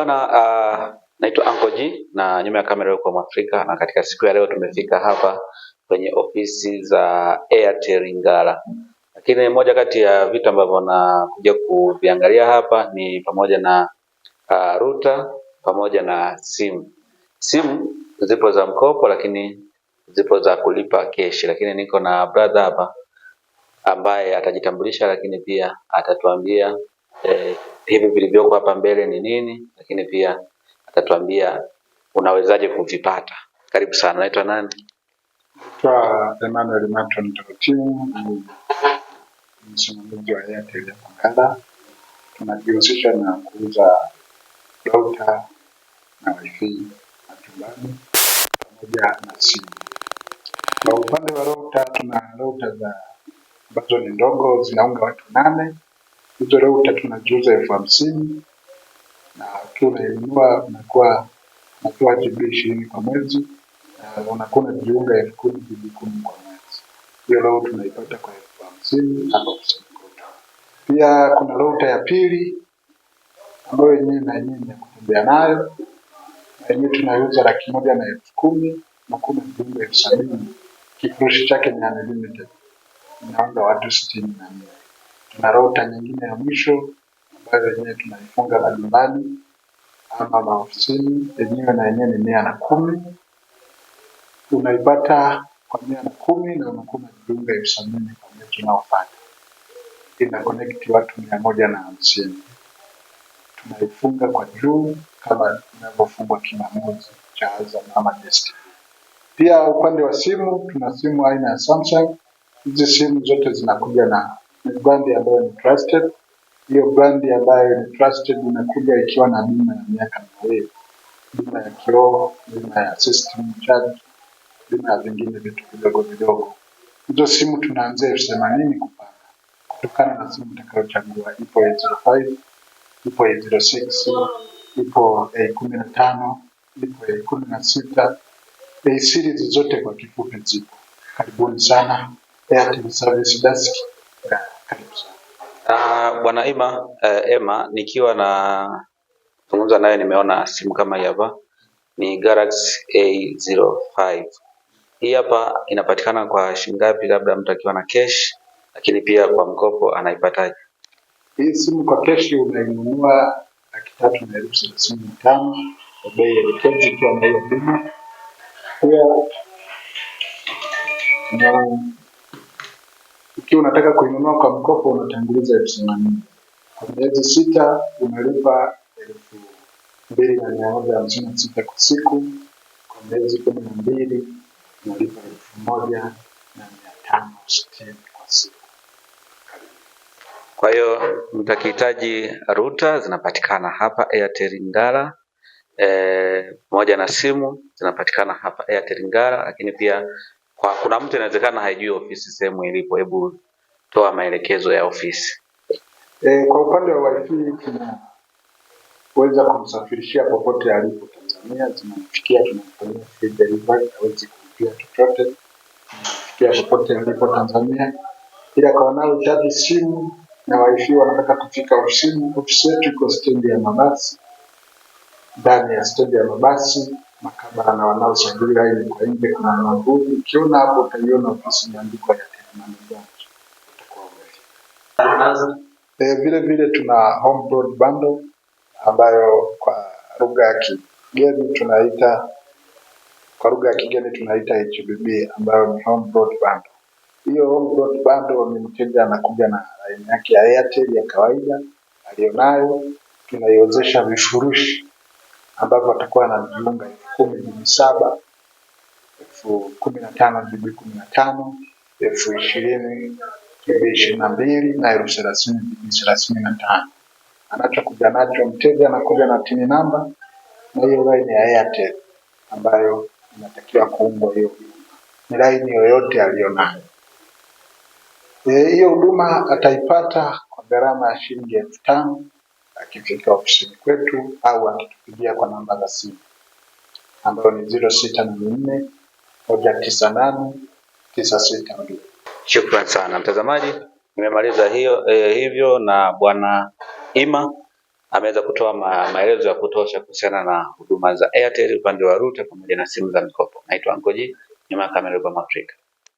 Bana, uh, ah, naitwa Anko G na nyuma ya kamera yuko Mwafrika, na katika siku ya leo tumefika hapa kwenye ofisi za Airtel Ngara, lakini moja kati ya vitu ambavyo nakuja kuviangalia hapa ni pamoja na uh, ah, ruta pamoja na simu. Simu zipo za mkopo, lakini zipo za kulipa keshi, lakini niko na brother hapa ambaye atajitambulisha, lakini pia atatuambia eh, hivi vilivyoko hapa mbele ni nini, lakini pia atatuambia unawezaje kuvipata. Karibu sana. Naitwa nani? Kwa Emmanuel Matron Torotini, msimamizi wa Hayati ya Makala. Tunajihusisha na kuuza dota na wifi majumbani pamoja na simu. Kwa upande wa router, tuna router za ambazo ni ndogo zinaunga watu nane leo Utereuta tunajuza elfu hamsini na ukiwa unainunua unakuwa unatoa jibu ishirini kwa mwezi na unakuwa unajiunga elfu kumi GB kumi kwa mwezi. Hiyo leo tunaipata kwa elfu hamsini hapa kusanyiko. Pia kuna roho ya pili ambayo yenyewe na yenyewe ni ya kutembea nayo yenyewe tunaiuza laki moja na elfu kumi na kuna viungo elfu sabini kifurushi chake ni unlimited inaunda watu sitini na nne Tuna rota nyingine ya mwisho ambayo yenyewe tunaifunga majumbani ama maofisini, yenyewe na yenyewe ni mia na kumi. Unaipata kwa mia na kumi na unakuwa unajiunga elfu sabini kwa mwezi unaopata. Ina connect watu mia moja na hamsini. Tunaifunga kwa juu kama inavyofungwa kimamuzi cha Azam ama Destiny. Pia upande wa simu tuna simu aina ya Samsung. Hizi simu zote zinakuja na ni brandi ambayo ni trusted. Hiyo brandi ambayo ni trusted inakuja ikiwa na bima ya miaka miwili, bima ya kioo, bima ya system charge, bima ya vingine vitu vidogo vidogo. Hizo simu tunaanzia elfu themanini kupanda, kutokana na simu utakayochagua. Ipo A05, ipo A06, ipo A15, ipo A16, A series zote kwa kifupi zipo. Karibuni sana Airtel Service Desk. Ah, Bwana Ima eh, Ema nikiwa na zungumza naye, nimeona simu kama hii hapa, ni Galaxy A05. Hii hapa inapatikana kwa shilingi ngapi? Labda mtu akiwa na cash, lakini pia kwa mkopo anaipataje? Hii simu kwa cash unainunua laki tatu na elfu thelathini na tano kwa bei elekezi ikiwa na hiyo bima pia ukiwa unataka kuinunua kwa mkopo, unatanguliza elfu themanini miezi sita, unalipa elfu mbili na mia moja hamsini na sita kwa siku. Kwa miezi kumi na mbili unalipa elfu moja na mia tano sitini kwa siku. Kwa hiyo mtakihitaji ruta zinapatikana hapa Airtel Ngara pamoja eh, e, na simu zinapatikana hapa Airtel Ngara, lakini pia kwa kuna mtu inawezekana haijui ofisi sehemu ilipo, hebu toa maelekezo ya ofisi. E, kwa upande wa wifi tunaweza kumsafirishia popote alipo Tanzania, tunamfikia, tunamfanyia free delivery, hawezi kulipia chochote, tunamfikia popote alipo Tanzania, ila kwa wanaohitaji simu na wifi wanataka kufika ofisini, ofisi yetu iko stendi ya mabasi, ndani ya stendi ya mabasi makabala na wanaoshangilia ili kwa nje kuna mwavuli. Ukiona hapo utaiona ofisi imeandikwa ya Telemani Branch, utakuwa umefika. E, vile vile tuna home broad bundle ambayo kwa lugha ya kigeni tunaita kwa lugha ya kigeni tunaita HBB ambayo ni home broad bundle. Hiyo home broad bundle ni mteja anakuja na laini yake ya Airtel ya kawaida aliyonayo, tunaiwezesha vifurushi ambapo watakuwa na viunga elfu kumi jibu saba elfu kumi na tano jibu kumi na tano elfu ishirini jibu ishirini na mbili na elfu thelathini jibu thelathini na tano Anachokuja nacho mteja anakuja na tini namba, na hiyo laini ya Airtel ambayo inatakiwa kuungwa hiyo ni laini yoyote aliyonayo. Eh, hiyo huduma ataipata kwa gharama ya shilingi elfu tano akifika ofisini kwetu au akitupigia kwa namba za simu ambayo ni ziro sita nane nne moja tisa nane tisa sita mbili. sana mtazamaji, nimemaliza hiyo eh, hivyo na bwana Ima ameweza kutoa ma, maelezo ya kutosha kuhusiana na huduma za Airtel upande wa ruta pamoja na simu za mikopo. Naitwa ngoji nyuma ya kamera kwa Afrika.